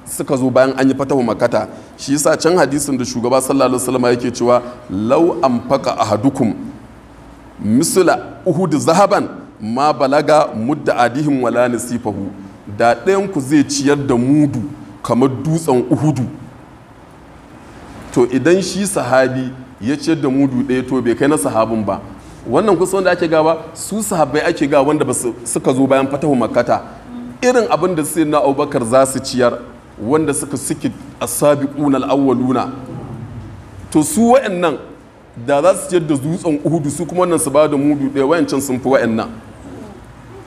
suka zo bayan an yi fatahu makata shi yasa can hadisin da shugaba sallallahu alaihi wasallam yake cewa law anfaqa ahadukum misla uhud zahaban ma balaga mudda adihim wala nasifahu da ɗayan ku zai ciyar da mudu kamar dutsen uhudu to idan shi sahabi ya ciyar da mudu ɗaya to bai kai na sahabin ba wannan kusa wanda ake gawa su sahabbai ake gawa wanda suka zo bayan fatahu makata irin abin da sai na abubakar za su ciyar wanda suka suke asabiqun al awaluna to su wa'annan da za su yadda dutsen uhudu su kuma wannan su ba da mudu ɗaya wayancan sun fi wa'annan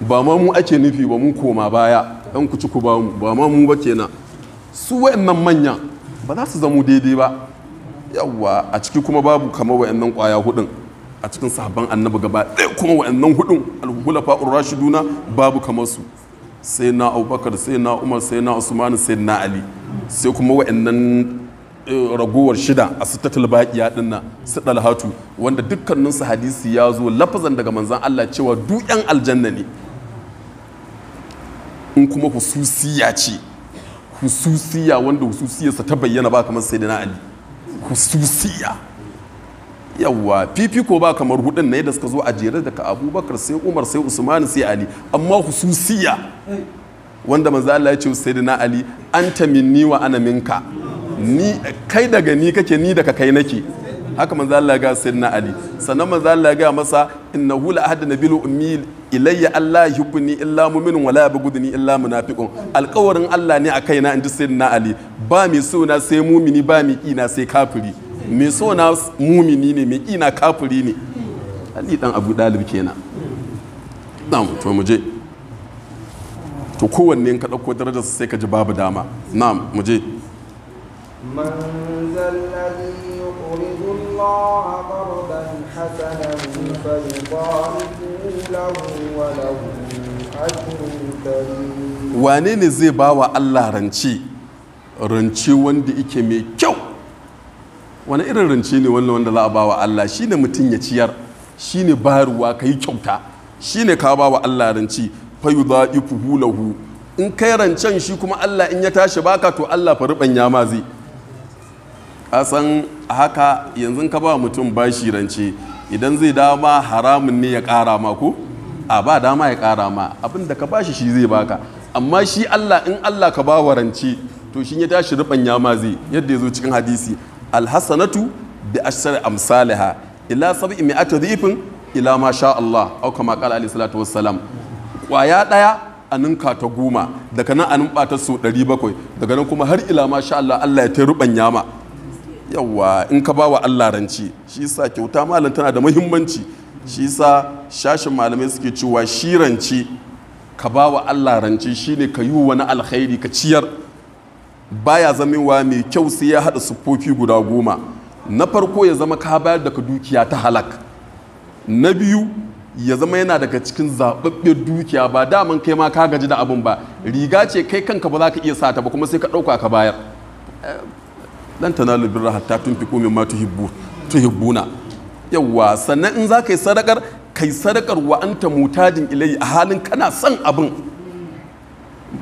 ba ma mu ake nufi ba mu koma baya ɗan ku ci ku ba mu ba ma mu ba kenan su wa'annan manya ba za su zamo daidai ba yawwa a ciki kuma babu kamar wa'annan ƙwaya hudun a cikin sahabban annabi gaba ɗaya kuma wa'annan hudun alhulafa'ur rashiduna babu kamar su sai na abubakar sai na umar sai na usman sai na ali sai kuma wa'annan eh, ragowar shida a sittatul baqiya dinnan su dalhatu wanda dukkanin su hadisi ya zo lafazan daga Manzan Allah cewa duk yan aljanna ne in kuma hususiya ce hususiya wanda hususiyarsa ta bayyana ba kamar sayyidina ali hususiya yawwa fifiko ba kamar hudun na yadda suka zo a jere daga abubakar sai umar sai usman sai ali amma hususiya wanda manzo Allah ya ce na ali anta minni wa ana minka ni kai daga ni kake ni daga kai nake haka manzo Allah ga na ali sannan manzo Allah ga masa innahu la ahad nabilu ummi ilayya Allah yuhibni illa mu'minun wala yabghudni illa munafiqun alƙawarin Allah ne a kaina inji na ali ba mai sona sai mumini ba mai kina sai kafiri mai so na mumini ne mai ina kafuri ne ali dan abu dalib kenan na to mu je to kowanne ka dauko darajar sai ka ji babu dama na mu je wane ne zai ba wa Allah rance rance wanda yake mai kyau wani irin rance ne wannan wanda za a ba wa Allah Shi ne mutum ya ciyar shi ne shine ka yi kyauta shi ne ka ba wa Allah rance fa yudha'ifuhu lahu in kai rancen shi kuma Allah in ya tashi baka to Allah fa rubanya ma zai kasan haka yanzu ka ba mutum bashi rance idan zai dama haramun ne ya kara ma ko a ba dama ya kara ma abin da ka bashi shi zai baka amma shi Allah in Allah ka ba wa rance to shi ya tashi rubanya ma zai yadda ya zo cikin hadisi alhasanatu bi ashar amsaliha ila sab'i mi'ati dhifin ila ma sha Allah au kama qala alayhi salatu wassalam kwaya daya a ninka ta goma daga nan a nimba ta so bakwai. daga nan kuma har ila ma sha Allah Allah ya ta rubanya yama yawa in ka bawa Allah ranci shi sa kyauta malam tana da muhimmanci shi yasa shashin malamai suke cewa shi ranci ka bawa Allah ranci shine ka yi wani alkhairi ka ciyar baya zamewa mai kyau sai ya haɗa siffofi guda goma na farko ya zama ka bayar daga dukiya ta halak na biyu ya zama yana daga cikin zaɓaɓɓen dukiya ba daman kai ma ka gaji da abin ba riga ce kai kanka ba za ka iya sata ba kuma sai ka ɗauka ka bayar lan tanalu birra hatta komai ma tuhibbu tuhibbuna yawa sannan in za ka yi sadakar kai sadakar wa anta mutajin ilai a halin kana son abin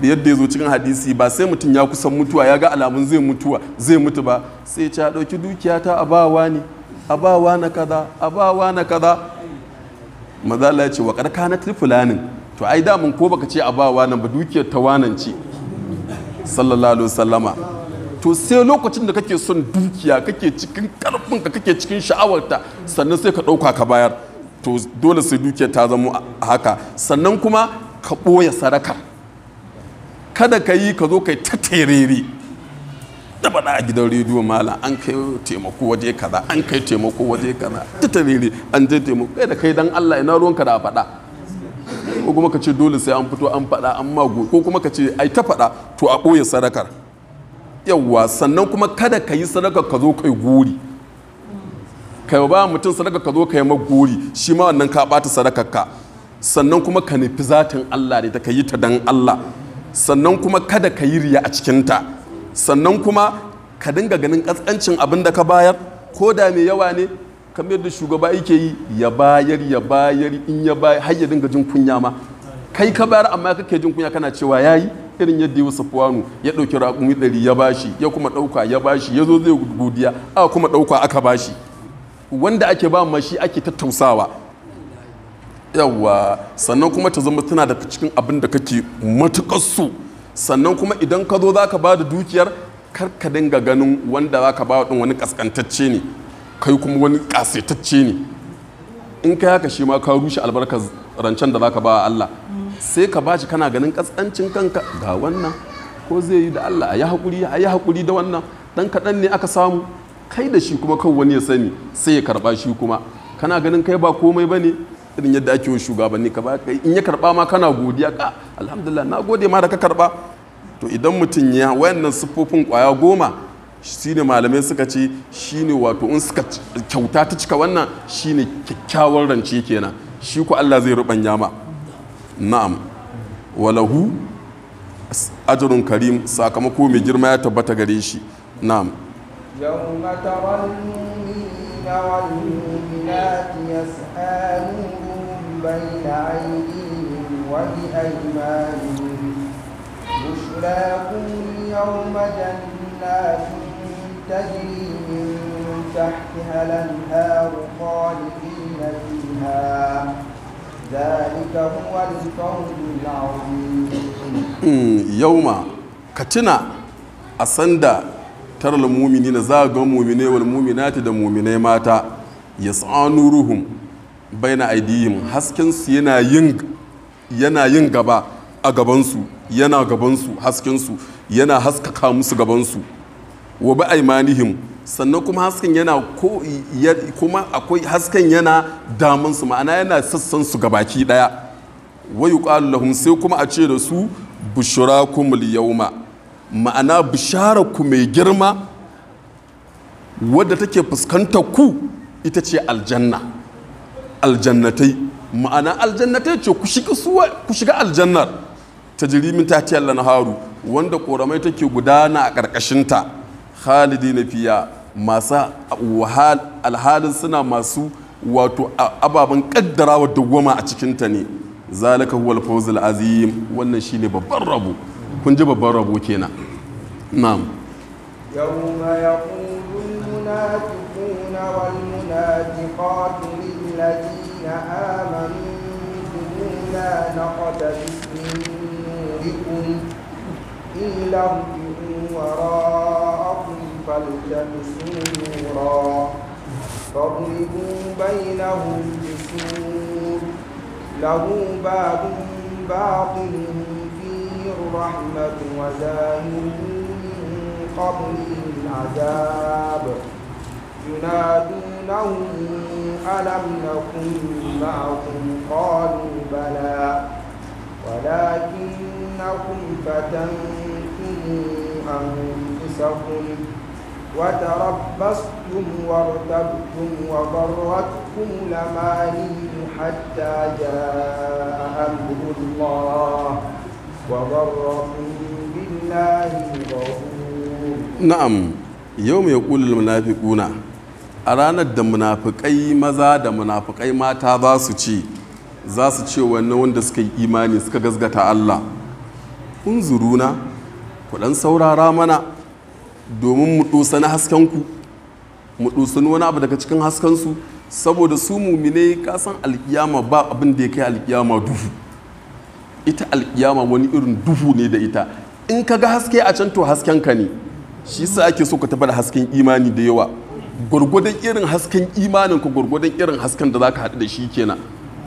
yadda ya zo cikin hadisi ba sai mutum ya kusan mutuwa ya ga alamun zai mutuwa zai mutu ba sai ya ɗauki dukiyata a wa ne a bawa na kaza a bawa na kaza mazala ya ce wa ƙarƙa na fulanin to ai damun ko baka ce a wa nan ba dukiyar ta wanan ce sallallahu alaihi wasallama to sai lokacin da kake son dukiya kake cikin karfin ka kake cikin sha'awarta sannan sai ka ɗauka ka bayar to dole sai dukiyar ta zama haka sannan kuma ka ɓoye sarakar kada ka yi ka zo kai ta tereri da bada a gidan rediyo mala an kai taimako waje kaza an kai taimako waje kaza ta tereri an je taimako kai da kai dan Allah ina ruwanka da faɗa ko kuma ka ce dole sai an fito an faɗa an mago ko kuma ka ce ai ta faɗa to a ɓoye sadakar yawwa sannan kuma kada ka yi sadaka ka zo kai gori ka ba mutum sadaka ka zo ka yi magori shi ma wannan ka ɓata sadakar ka sannan kuma ka nufi zatin Allah ne ta ka yi ta dan Allah sannan kuma kada ka yi riya a cikinta sannan kuma ka dinga ganin ƙasƙancin abin da ka bayar ko da mai yawa ne kamar yadda shugaba yake yi ya bayar ya bayar in ya bayar har ya dinga jin kunya ma kai ka bayar amma kake jin kunya kana cewa yayi irin yadda Yusuf Wanu ya ɗauki raƙumi ɗari ya bashi ya kuma ɗauka ya bashi ya zo zai godiya a kuma ɗauka aka bashi wanda ake ba ma shi ake tattausawa yawa sannan kuma ta zama tana daga cikin abin da kake matukar su sannan kuma idan ka zo zaka ba da dukiyar kar ka dinga ganin wanda zaka ba din wani kaskantacce ne kai kuma wani kasetacce ne in ka haka shi ma ka rushe albarkar rancen da zaka ba Allah sai ka bashi kana ganin kaskancin kanka ga wannan ko zai yi da Allah a yi haƙuri a da wannan dan kaɗan ne aka samu kai da shi kuma kan wani ya sani sai ya karba shi kuma kana ganin kai ba komai bane irin yadda ake yi shugabanni ka baka in ya karba ma kana godiya ka alhamdulillah na gode ma da ka karba to idan mutum ya wayannan siffofin kwaya goma shine malamai suka ce shine wato in suka kyauta ta cika wannan shine kyakkyawar rance kenan shi ko Allah zai rubanya ma na'am walahu ajrun karim sakamako mai girma ya tabbata gare shi na'am والمؤمنات يسعى بين أيديهم وبأيمانهم بشراكم اليوم جنات تجري من تحتها الأنهار خالدين فيها ذلك هو الفوز العظيم يوم كتنا أسندا ترى المؤمنين زاغ مؤمنين والمؤمنات دا مؤمنين ماتا يسعى نورهم baina aidihim haskensu yana yin yana yin gaba a gabansu yana gabansu haskensu yana haskaka musu gabansu wa bi aimanihim sannan kuma hasken yana ko kuma akwai hasken yana damansu ma'ana yana sassan su gabaki daya wa yuqalu lahum sai kuma a ce da su bushrakumul yawma ma'ana ku mai girma wadda take fuskantar ku ita ce aljanna aljannatai ma'ana aljannatai ce ku shiga aljannar ta jirimin tatiyar haru wanda koramai take gudana a ƙarƙashinta khalidi na fiya masu alhalin suna masu wato ababen ƙaddarawa dawwama a cikinta ne zalika huwal fawzul azim wannan shine babban rabo kun ji babban rabo kenan na'am yawma yaqulu munafiquna wal munafiqatu الذين آمنوا لا نقتبس من نوركم إلا ارجعوا وراءكم فالتمسوا نورا فاضربوا بينهم بسور له باب باطن فيه الرحمة وزاهره من قبله العذاب ينادون ألم نكن معكم قالوا بلى ولكنكم فتنتم أنفسكم وتربصتم وارتبتم وبرتكم الأماني حتى جاء أمر الله وبركم بالله الغفور نعم يوم يقول المنافقون a ranar da munafukai maza da munafukai mata za su ce za su ce wannan wanda suka yi imani suka gasgata Allah kun zuruna ku dan saurara mana domin mu dusa na haskenku mu dusa wani abu daga cikin haskensu saboda su mumine kasan alkiyama ba abin da ya kai alkiyama duhu ita alkiyama wani irin duhu ne da ita in ka ga haske a can to hasken ka ne shi sa ake so ka tabbata hasken imani da yawa gwargwadon irin hasken imanin ka gwargwadon irin hasken da zaka haɗu da shi kenan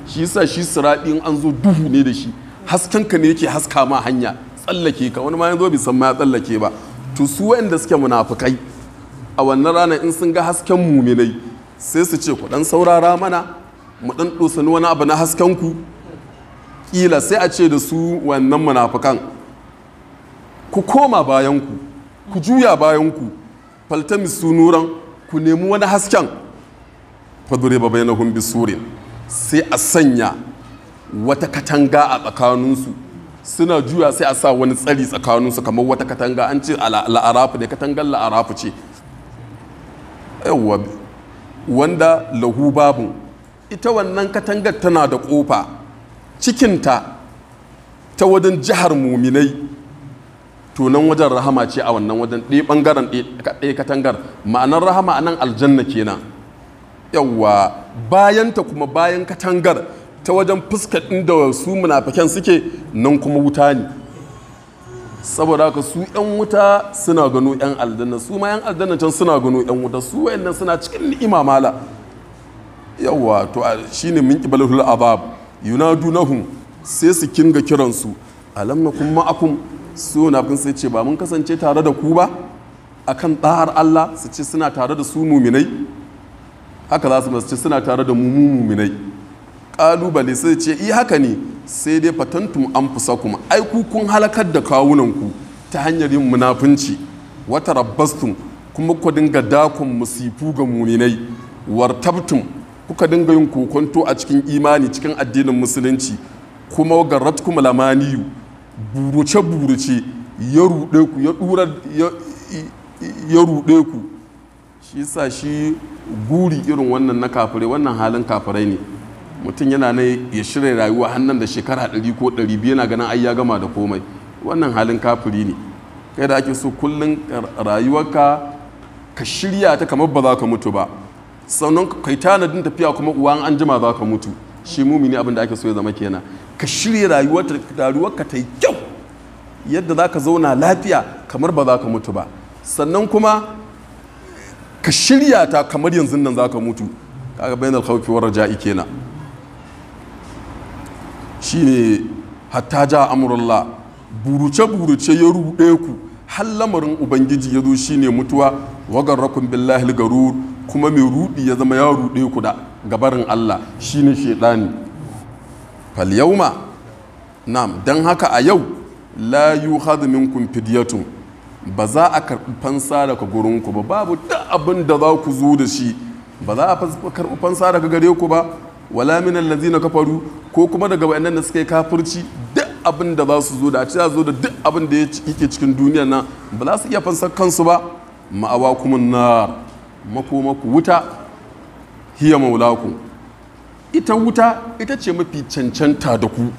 shi sa shi siraɗin in an zo duhu ne da shi hasken ka ne yake haska ma hanya tsallake ka wani ma yanzu bai san ma ya tsallake ba to su wa'anda suke munafukai a wannan rana in sun ga hasken muminai sai su ce ku dan saurara mana mu dan ni wani abu na hasken ku kila sai a ce da su wannan munafukan ku koma bayan ku ku juya bayan ku faltamis su nuran ku nemi wani hasken fadure ba bai na humbi surin sai a sanya wata katanga a tsakaninsu suna juya sai a sa wani tsari tsakaninsu kamar wata katanga an ce la'arafu ne katangar la'arafu ce yawwa wanda lahu babu ita wannan katangar tana da ƙofa cikinta ta wajen jihar muminai tunan wajen rahama ce a wannan wajen ɗaya ɓangaren ɗaya katangar ma'anar rahama a nan aljanna kenan yawwa bayanta kuma bayan katangar ta wajen fuskar inda su munafikan suke nan kuma wuta ne saboda haka su yan wuta suna gano yan aljanna su ma yan aljanna can suna gano yan wuta su wayannan suna cikin ni'ima mala yawa to shine min qibalul abab yunadunahum sai su kinga kiransu alam nakum ma'akum su munafin sai ce ba mun kasance tare da ku ba a kan tsahar Allah su ce suna tare da su muminai haka za su masu ce suna tare da mu muminai ƙalubale sai ce iya eh, haka ne sai dai fatantum an fusa kuma ai ku kun halakar da kawunanku ta hanyar yin munafunci wata rabbastum kuma ku dinga dakon musifu ga muminai wartabtum kuka dinga yin kokonto a cikin imani cikin addinin musulunci kuma garatkum lamaniyu buruce buruce ya ruɗe ku ya ya ruɗe ku shi sa shi guri irin wannan na kafirai wannan halin kafirai ne mutum yana na ya shirya rayuwa hannun da shekara 100 ko 200 yana ganin ai ya gama da komai wannan halin kafiri ne kai da ake so kullum rayuwarka ka shirya ta kamar ba za ka mutu ba sannan kai tanadin tafiya kuma uwa an jima za ka mutu shi mumini abin da ake so ya zama kenan ka shirya rayuwarka ta yi kyau yadda za ka zauna lafiya kamar ba za ka mutu ba sannan kuma ka shirya ta kamar yanzu nan za ka mutu kaga bayan alkhawfi wa raja'i kenan ne hatta ja buruce buruce ya rude ku har lamarin ubangiji ya zo shine mutuwa rakun billahi garur kuma mai ruɗi ya zama ya rude ku da gabarin Allah shine shedani falyauma na'am don haka a yau la yukhadhu minkum fidyatun ba za a karɓi fansa daga gurinku ba babu duk abin da za ku zo da shi ba za a karɓi fansa daga gare ku ba wala min na kafaru ko kuma daga wayannan da suka yi kafirci duk abin da za su zo da a ce zo da duk abin da yake cikin duniya na ba za su iya fansar kansu ba ma'awa kuma na makomaku wuta hiya maulakun ita wuta ita ce mafi cancanta da ku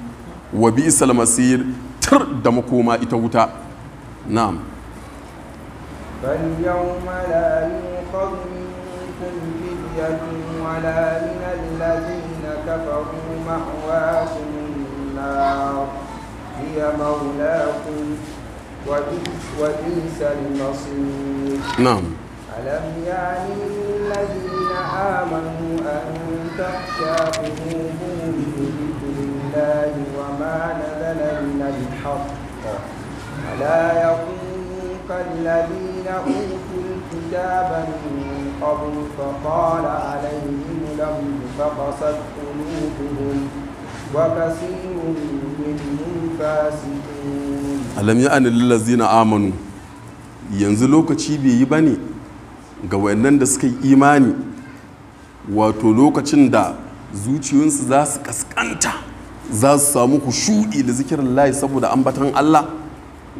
wa bi isal masir tar da makoma ita wuta na'am bal yawma la yuqad minkum fidyatun wa la min alladhina kafaru mahwaakum an-nar hiya mawlaakum wa bi bi'sal masir na'am ألم يعني للذين آمنوا أن تخشى قلوبهم لذكر الله وما نزل من الحق ولا يكونوا كالذين أوتوا الكتاب من قبل فقال عليهم الأمر فقست قلوبهم وكثير منهم فاسقون ألم يعني للذين آمنوا yanzu lokaci bai yi ba ne ga wayannan da suka yi imani wato lokacin da zuciyoyinsu za su kaskanta za su samu kushu'i da zikirin layi saboda ambatan Allah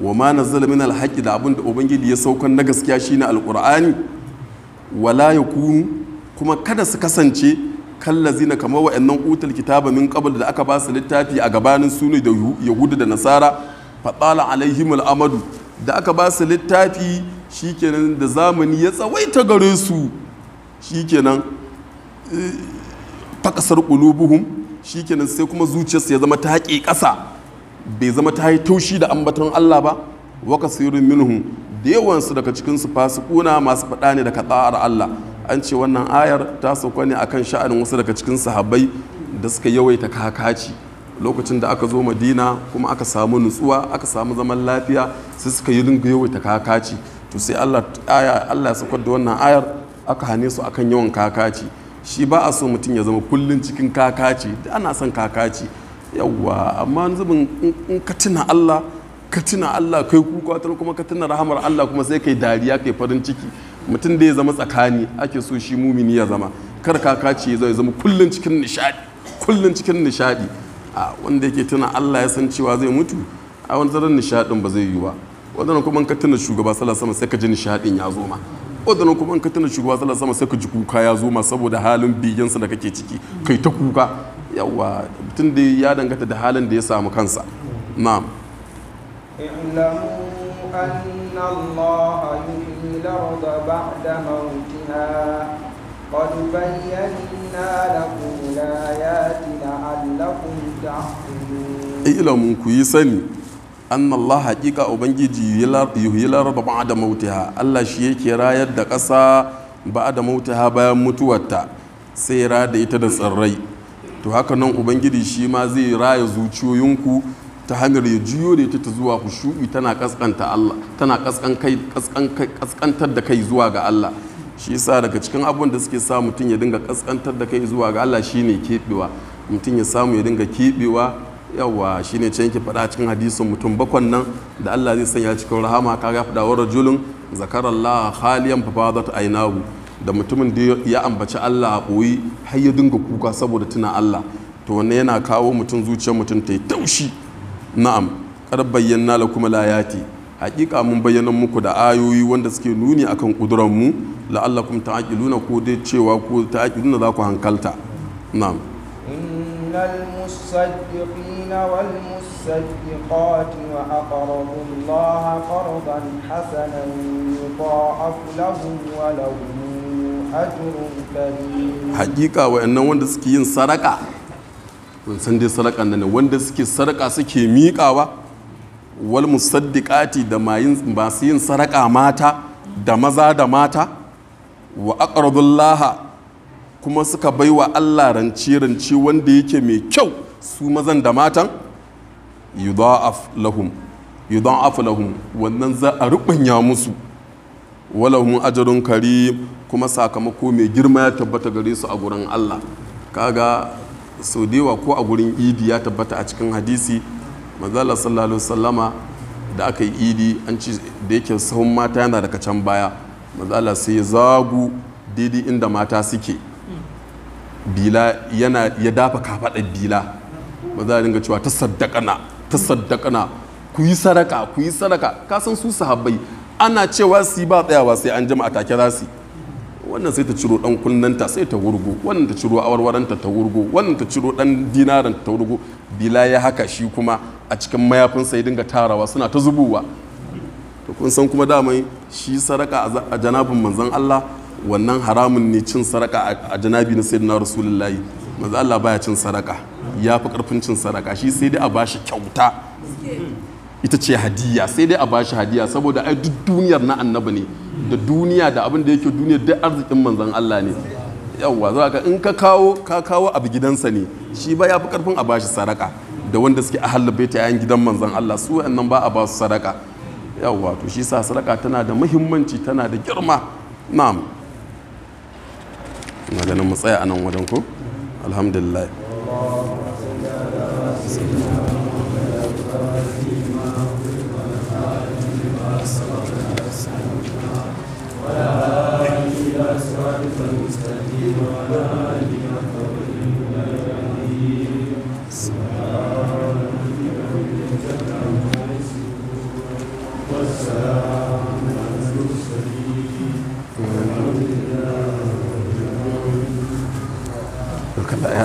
wa ma nazzala min alhaqi da abin da ubangiji ya saukan na gaskiya shine alqur'ani wala kunu kuma kada su kasance kallazina kamar wa'annan utar kitaba min qabl da aka ba su littafi a gabanin sunu da yahudu da nasara faɗala alaihim al'amadu da aka ba su littafi shikenan da zamani ya tsawaita gare su shikenan takasar eh, qulubuhum shikenan sai kuma zuciyarsu ya zama ta haƙe ƙasa bai zama ta yi taushi da ambaton Allah ba waka sirrin da yawansu daga cikinsu fasikuna masu faɗa ne daga tsara Allah an ce wannan ayar ta sauka ne akan sha'anin wasu daga cikin sahabbai da suka yawaita kakaci lokacin da aka zo madina kuma aka samu nutsuwa aka samu zaman lafiya sai suka yi dinga yawaita kakaci to sai Allah aya Allah ya da wannan ayar aka hane su akan yawan kakaci shi ba a so mutum ya zama kullun cikin kakaci da ana son kakaci yawwa amma zubin in ka tuna Allah ka tuna Allah kai kuka kuma ka tuna rahamar Allah kuma sai kai dariya kai farin ciki mutum da ya zama tsakani ake so shi mumini ya zama kar kakaci ya zama kullun cikin nishadi kullun cikin nishadi a wanda yake tuna Allah ya san cewa zai mutu a wani zaran nishadin ba zai yi ba wadannan kuma ka tuna shugaba sallallahu alaihi wasallam sai ka ji nishadin ya zo ma wadannan kuma ka tuna shugaba sallallahu alaihi wasallam sai ka ji kuka ya zo ma saboda halin sa da kake ciki kai ta kuka yawa tun da ya danganta da halin da ya samu kansa na'am أن الله يحيي الأرض بعد موتها قد بينا لكم الآيات لعلكم تعقلون anna Allah haƙiƙa ubangiji yuhyi larba ba'da mautiha Allah shi yake rayar da ƙasa ba'da mautiha bayan mutuwarta sai ra da ita da tsirrai to haka nan ubangiji shi ma zai raya zuciyoyinku ta hanyar ya juyo da ita ta zuwa khushu'i tana Allah tana ƙasƙantar da kai zuwa ga Allah shi yasa daga cikin abun da suke sa mutum ya dinga ƙasƙantar da kai zuwa ga Allah shine keɓewa mutum ya samu ya dinga keɓewa. shi shine can yake faɗa cikin hadisin mutum bakwan nan da Allah zai sanya cikin rahama kaga faɗa wa rajulun zakarallah khaliyan fa fadat aynahu da mutumin da ya ambaci Allah a ɓoyi har ya dinga kuka saboda tuna Allah to wannan yana kawo mutum zuciyar mutum ta yi taushi na'am kar bayyana la kuma layati hakika mun bayyana muku da ayoyi wanda suke nuni akan kuduran mu la'allakum ta'qiluna ko dai cewa ko ta'qiluna za ku hankalta na'am من المصدقين والمصدقات وأقرضوا الله قرضا حسنا يضاعف لهم ولهم أجر كريم حقيقة وأن وندسكين سرقة kun san dai sadaka nan wanda suke sadaka suke miƙawa wal musaddiqati da masu yin sadaka mata da maza da mata wa aqradullaha kuma suka baiwa Allah rance rance wanda yake mai kyau su mazan da matan yudha'af lahum lahum wannan za a rubanya musu walahun ajrun karim kuma sakamako mai girma ya tabbata gare su a gurin Allah kaga sau dewa ko a gurin idi ya tabbata a cikin hadisi mazala sallallahu alaihi wasallama da aka yi idi an ci da yake sahun mata yana daga can baya mazala sai ya zagu daidai inda mata suke bila yana ya dafa kafaɗar bila ba za a dinga cewa ta saddakana ta saddakana ku yi sadaka ku yi sadaka kasan su sahabbai ana cewa su ba tsayawa sai an jama'a take za su wannan sai ta ciro dan kunnanta sai ta wurgo wannan ta ciro awarwaranta ta wurgo wannan ta ciro dan dinaran ta wurgo bila ya haka shi kuma a cikin mayafin sai dinga tarawa suna ta zubowa to kun san kuma damai shi sadaka a janabin manzon Allah wannan haramun ne cin saraka a janabi na sayyidina rasulullahi manzo Allah baya cin saraka ya fi karfin cin saraka shi sai dai a bashi kyauta ita ce hadiya sai dai a bashi hadiya saboda ai duk duniyar na annabi ne da duniya da abin da yake duniya duk arzikin manzon Allah ne yawwa za ka in ka kawo ka kawo abu gidansa ne shi ba ya fi karfin a bashi saraka da wanda suke ahalla baita yayin gidan manzon Allah su wa'annan ba a ba su saraka yawwa to shi sa saraka tana da muhimmanci tana da girma na'am هذا نمصي أنا ودنكو الحمد لله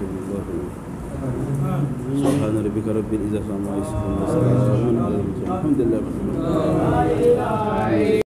جل الله سبحان ربك رب العزة عما يصفون وسلام على المرسلين الحمد لله رب العالمين